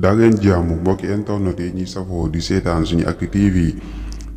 daa leen jaamu mbokki internet yi ñuy safoo di seetaan suñu Actu TV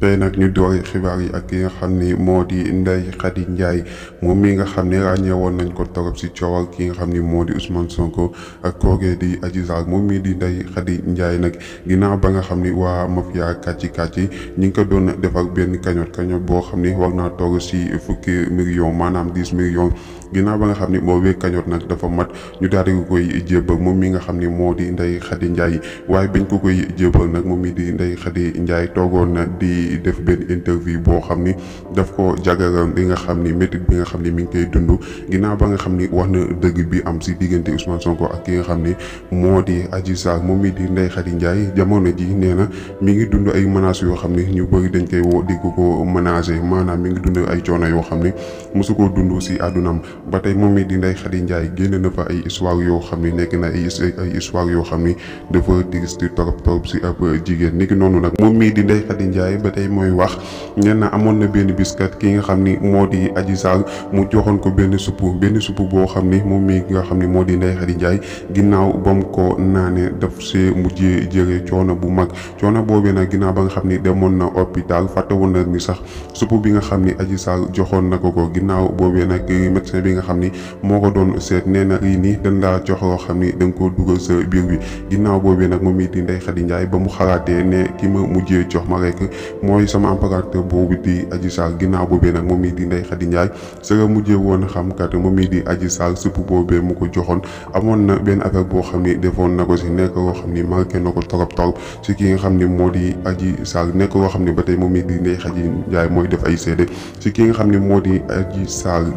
tey nag ñu doori xibaar yi ak ki nga xam ni moo di Ndeye Khady Ndiaye moom mii nga xam ne ràññeewoon nañ ko torop si coowal ki nga xam ni moo di Ousmane Sonko ak koogee di Adji Sarr moom mii di Ndeye Khady Ndiaye nag ginnaaw ba nga xam ni waa mafia kàcci kàcci ñi ngi ko doon defar benn kañot kañot boo xam ni war naa toog si fukki million maanaam dix million ginnaaw ba nga xam ni boobee kañot nag dafa mat ñu daal di koy jébbal moom mi nga xam ni moo di Ndeye Khady Ndiaye waaye biñ ko koy jébbal nag moom mii di Ndeye Khady Ndiaye toogoon nag di di def benn interview boo xam ni daf ko jagaram li nga xam ni métit bi nga xam ni mi ngi koy dund ginnaaw ba nga xam ni wax na dëgg bi am si diggante Ousmane Sonko ak ki nga xam ni moo di Adji Sarr moom mi di Ndeye Khady Ndiaye jamono ji nee na mi ngi dund ay menaces yoo xam ni ñu bëri dañ koy woo di ko ko menacé maanaam mi ngi dund ay coono yoo xam ni mosu koo dund si àddunaam ba tey moom mi di Ndeye Khady Ndiaye génn na fa ay histoire yoo xam ni nekk na ay ay histoire yoo xam ni dafa triste trop trop si ab jigéen niki noonu nag moom mi di Ndeye Khady Ndiaye ba tey tey mooy wax nee na amoon na benn biskat ki nga xam ni moo di Adji Sarr mu joxoon ko benn supp benn supp boo xam ni moom mii nga xam ni moo di Ndeye Khady Ndiaye ginnaaw ba mu ko naanee daf see mujjee jëlee coono bu mag coono boobee nag ginnaaw ba nga xam ni demoon na hôpital fàtte woon na sax supp bi nga xam ni Adji Sarr joxoon na ko ko ginnaaw boobee nag médecin bi nga xam ni moo ko doon seet nee na lii nii dañ laa jox loo xam ni da nga koo dugal sa biir bi ginnaaw boobee nag moom it di Ndeye Khady Ndiaye ba mu xalaatee ne ki ma mujjee jox ma rek mooy sama empagateur boo di Adji saal ginnaaw boobee nag moom mii di Ndeye Khady Ndiaye sa nga mujjee woon xam kat moom mii di Adji Sarr supp ko joxoon amoon na benn affaire boo xam ni defoon na ko si nekk koo xam ni marqué na ko torop torop si ki nga xam ni moo di Adji Sarr nekk koo xam ni ba tey moom mii di Ndeye Khady mooy def ay seede si ki nga xam ni moo di Adji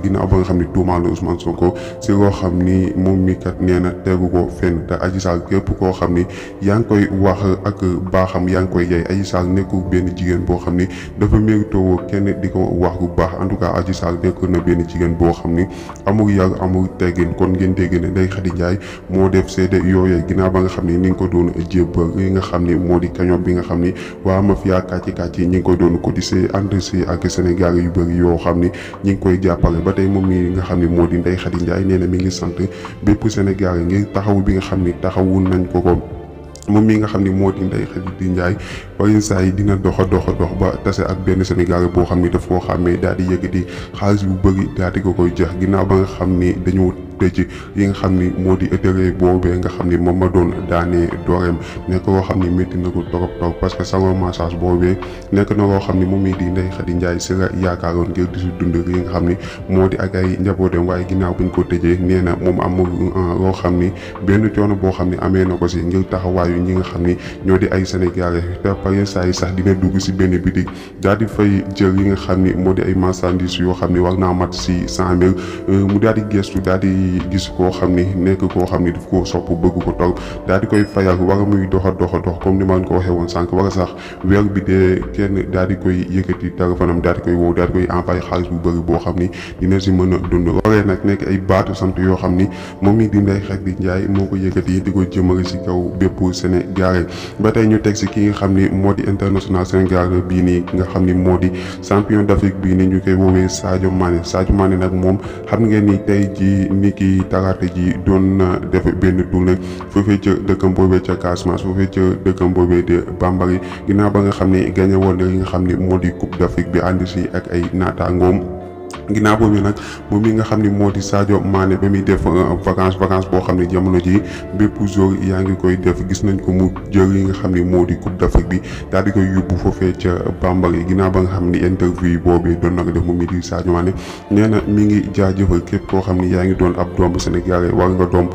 ginnaaw ba xam ni tuumaal na Ousmane Sonko si loo xam ni moom mi kat nee na tegu ko fenn te Adji Sarr képp koo xam ni yaa ngi koy wax ak baaxam yaa ngi koy jaay Adji Sarr nekkul benn jigéen boo xam ni dafa méritoo kenn di ko wax bu baax en tout cas Adji Sarr nekkoon na benn jigéen boo xam ni amul yar amul teggin kon ngeen dégg ne Ndeye Khady Ndiaye moo def seede yooyee ginnaaw ba nga xam ni ni nga ko doon jébbal li nga xam ni moo di kaño bi nga xam ni waa mafia kàcci kàcci ñi ngi ko doon cotiser ànd si ak Sénégal yu bëri yoo xam ni ñi ngi koy jàppale ba tey moom mi nga xam ni moo di Ndeye Khady Ndiaye nee na mi ngi sant bépp Sénégal ngir taxaw bi nga xam ni taxawu nañ ko ko moom mi nga xam ne moo di Ndeye Khady di Ndiaye ba yenn saa yi dina dox a dox a dox ba tase ak benn sénégal boo xam ne daf koo xàmmee daal di yëkkati xaalis bu bëri daal di ko koy jox ginnaaw ba nga xam ni ne dañoo jàppee ci yi nga xam ni moo di étéré boobee nga xam ni moom ma doon daanee dooreem nekk loo xam ni métti na ko trop trop parce que salon massage boobee nekk na loo xam ni moom it di Ndeye Khady Ndiaye si la yaakaaroon ngir di si dund yi nga xam ni moo di ak ay njabootam waaye ginnaaw buñ ko tëjee nee na moom amul loo xam ni benn coono boo xam ni amee na ko si ngir taxawaayu ñi nga xam ni ñoo di ay sénégalais te pare saa yi sax dina dugg si benn bitig daal di fay jël yi nga xam ni moo di ay marchandises yoo xam ni war naa mat si cent mille mu daal gis koo xam ni nekk koo xam ni daf ko sopp bëgg ko toog daal di koy fayal war muy doxa doxa dox comme ni maan ko waxee woon war a sax weer bi dee kenn daal di koy yëkkati téléphone am daal di koy wow daal di koy envoyé xaalis bu bëri boo xam ni dina si mën a dund waree nag nekk ay baatu sant yoo xam ni moom mi di Ndeye Khady Ndiaye moo ko yëkkati di ko jëmale si kaw bépp Sénégalais ba tey ñu teg si ki nga xam ni moo di international sénégalais bii nii nga xam ni moo di champion d'Afrique bii nii ñu koy woowee Sadio Mané Sadio Mané nag moom xam ngeen tey ji ki talaata ji doon na def benn tournée foofee ca dëkkam boobee ca Casamance foofee ca dëkkam boobee de Bambali ginnaaw ba nga xam ne gagné woon na li nga xam ne moo di coupe d'Afrique bi ànd si ak ay naataangoom. ginnaaw boobu nag moom mi nga xam ni moo di Sadio Mané ba muy def euh, vacance vacance boo xam ne jamono ji bépp jour yaa ngi koy def gis nañ ko mu jël yi nga xam ni moo di coupe d'Afrique bi daal di koy yóbbu foofee ca Bambal yi ginnaaw ba nga xam ni interview yi boobee doon na ko def moom mi di Sadio Mané nee na mi ngi jaajëfal képp koo xam ni yaa ngi doon ab doomu Sénégalais war nga doom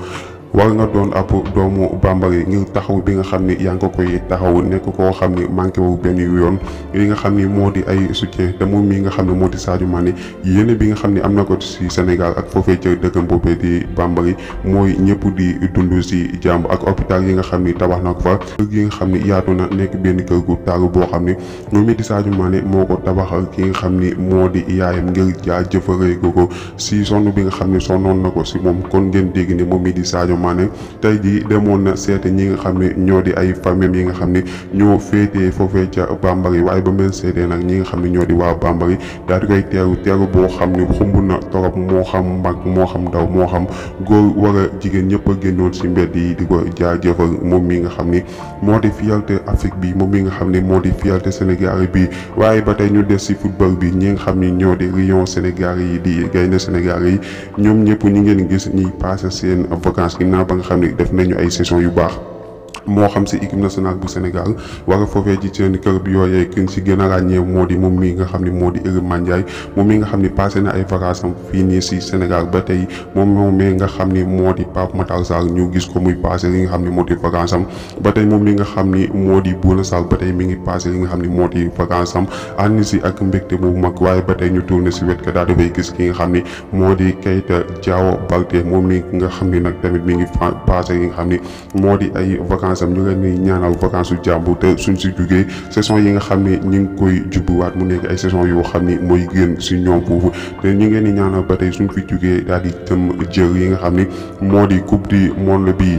war nga doon ab doomu bambara ngir taxaw bi nga xam ni yaa ngi ko koy taxaw nekk koo xam ni manqué wu benn yoon li nga xam ni moo di ay soutien te moom mi nga xam ne moo di Sadio Mané yéene bi nga xam ne am na ko ci Sénégal ak foofee ca dëkkam boobee di bambara mooy ñëpp di dund ci jàmm ak hôpital yi nga xam ni tabax na ko fa kër nga xam ni yaatu na nekk benn kër gu taaru boo xam ni moom mi di Sadio Mané moo ko tabax ki nga xam ni moo di yaayam ngir jaa jëfaree ko ko ci sonn bi nga xam ni sonnoon na ko si moom kon ngeen dégg ne moom mii di Sadio Mané tey jii demoon na seeti ñi nga xam ne ñoo di ay famille yi nga xam ne ñoo féetee foofee ca Bambey waaye ba mu leen nag ñi nga xam ne ñoo di waaw Bambey daal di koy teeru teeru boo xam ne xumb na torop moo xam mag moo xam ndaw moo xam góor war jigéen ñëpp a génnoon si mbedd yi di ko jaajëfal moom mi nga xam ni moo di fierté Afrique bi moom mi nga xam ni moo di fierté Sénégal bi waaye ba tey ñu des si football bi ñi nga xam ni ñoo di Lion Sénégal yi di gaynde Sénégal yi ñoom ñëpp ñi ngeen gis ñuy passé seen ginnaaw ba nga xam ne def nañu ay saison yu baax moo xam si équipe nationale bu Sénégal war a foofee ci seen kër bi yooyee kin si gën a ràññee moo di moom mi nga xam ni moo di Iliman Ndiaye moom nga xam ni passé na ay vacances am fii nii si ba tey moom moom mi nga xam ni moo di Pape Matar Sarr ñu gis ko muy passé li nga xam ni moo di vacances am ba tey moom mi nga xam ni moo di Bouna Sarr ba ngi passé li nga xam ni moo di vacances am ànd si ak mbégte bu mag waaye ba tey ñu tourné si wet ka daal dafay gis ki nga xam ni moo di Keita Diao Baldé moom mi nga xam ni nag tamit mi ngi passé yi nga xam ni moo di ay vacances vacances am ñu leen di ñaanal vacances su jàmbur te suñ si jugee saison yi nga xam ne ñu ngi koy jubbuwaat mu nekk ay saison yoo xam ni mooy génn si ñoom foofu te ñu ngeen di ñaanal ba tey suñ fi jugee daal di dem jël yi nga xam ni moo di coupe du monde bii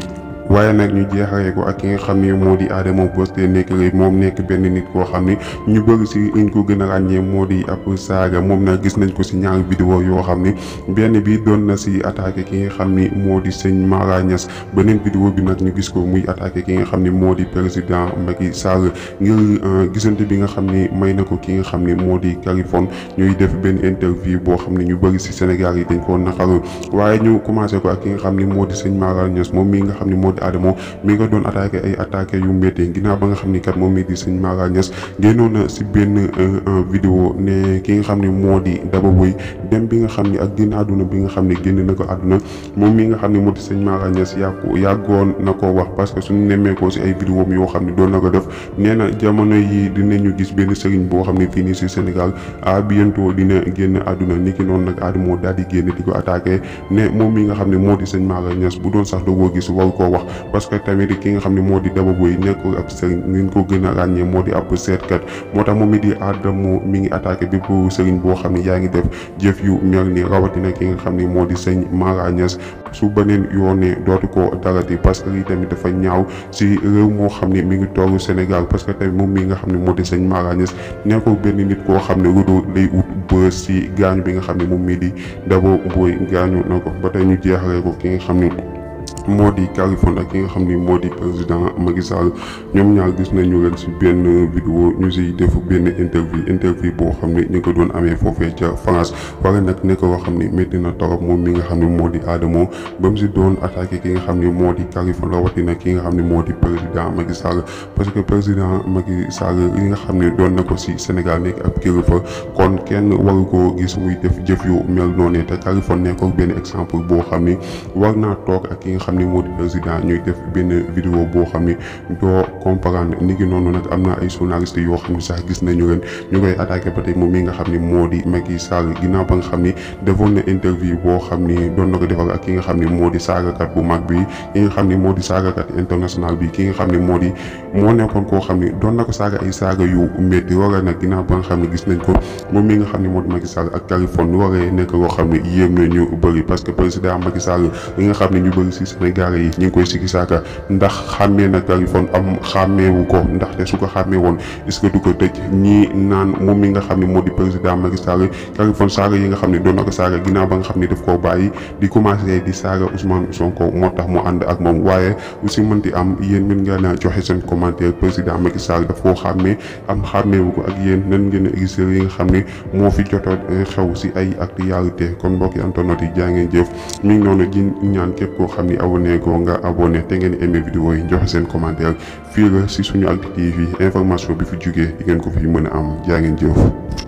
waaye nag ñu jeexaree ko ak ki nga xam ne moo di Adama Bos te nekk léegi moom nekk benn nit koo xam ne ñu bëgg si ñu ko gën a ràññee moo di ab saaga moom nag gis nañ ko si ñaari vidéo yoo xam ne benn bi doon na si attaqué ki nga xam ni moo di sëñ Mara Niass beneen vidéo bi nag ñu gis ko muy attaqué ki nga xam ni moo di président Macky Sall ngir gisante bi nga xam ni may na ko ki nga xam ni moo di Kaliphone ñuy def benn interview boo xam ne ñu bëri si Sénégal yi dañ koo naqaru waaye ñu ko ki nga xam ni moo di sëñ Mara Niass moom mi nga xam ni moo di doomu aadama mi nga doon attaqué ay attaqué yu métti ginnaaw ba nga xam ni kat moom mii di sëñ Mara Niass na si benn euh, euh, vidéo ne ki nga xam ne moo di Daba Boye dem bi nga xam ni ak génn àdduna bi nga xam ne génn na ko àdduna moom mii nga xam ne moo di sëñ Mara Niass yàgg yàggoon na ko wax parce que suñu nemmeekoo si ay vidéo yoo xam ne doon na ko def nee jamono yi dinañu gis benn sëriñ boo xam ne fii nii si Sénégal à bientôt dina génn àdduna ni ki noonu nag daal di génn di moom mi nga xam ne moo di sëñ Mara Niass bu doon sax dogoo gis waru koo wax parce que tamit ki nga xam ne moo di Daba Boye nekk ab sëriñ ngeen ko gën ràññee moo di ab seetkat moo tax moom it di Adamo mi ngi attaqué bépp sëriñ boo xam ne yaa ngi def jëf yu mel ni rawatina ki nga xam ne moo di sëñ Mara Niass su beneen yoonee dootu ko darati parce que lii tamit dafa ñaaw si moo xam ne mi ngi tooru Sénégal parce que tamit moom mi nga xam ne moo di sëñ Mara Niass nekkul benn nit koo xam ne rudo lay ut bës si gaañu bi nga xam ne moom mii di Daba Boye gaañu na ko ba tey ñu jeexale ko ki nga xam ne moo di Kaliphone ak ki nga xam ni moo di président Macky Sall ñoom ñaar gis nañu leen si benn vidéo ñu si def benn interview interview boo xam ne ñu ngi ko doon amee foofee ca France waaye nag nekk loo xam ni métti na torop moom mi nga xam ne moo di Adamo ba mu si doon attaqué ki nga xam ni moo di Kaliphone rawatina ki nga xam ni moo di président Macky Sall parce que président Macky Sall li nga xam ni doon na ko si Sénégal nekk ab kilifa kon kenn waru koo gis muy def jëf yu mel noonu te Kaliphone nekkoon benn exemple boo xam ni war naa toog ak ki nga xam ni moo président ñuy def benn vidéo boo xam ni doo comprendre ni ki noonu nag am na ay journaliste yoo xam ne sax gis nañu leen ñu koy attaqué ba tey moom mi nga xam ni moo di Macky Sall ginnaaw ba nga xam ni defoon na boo xam ni doon na ko defal ak ki nga xam ni moo di saagakat bu mag bi xam ni moo di saagakat international bi ki nga xam ni moo di moo nekkoon koo xam ni doon na ko saaga ay saaga yu métti wara nag ginnaaw ba nga xam ne gis nañ ko moom mi nga xam ni moo di Macky Sall ak Californie waree nekk ñu bëri parce que président Macky Sall li nga xam ne ñu bëri si Sénégal yi ñu koy sikki saaka ndax xàmmee na Kaliphone am xàmmeewu ko ndaxte su ko xàmmee woon est-ce ko tëj ñii naan moom mi nga xam ne moo di président Macky yi nga na ko saaga ba nga xam ne koo bàyyi di commencé di saaga Ousmane Sonko moo tax mu ànd ak moom waaye aussi mënti am yéen mën a joxe seen commentaire président Macky Sall daf koo xàmmee am xàmmeewu ko ak yéen nan ngeen a yi nga xam ne moo fi joto xew si ay actualité kon mbokki internautes yi jaa ngeen jëf mi ngi noonu di képp koo xam ne abonné goo nga abonné te ngeen aimé vidéo yi joxe seen commentaire fii la si suñu Alpi TV information bi fi jugee di ngeen ko fi mën a am jaa ngeen jëf.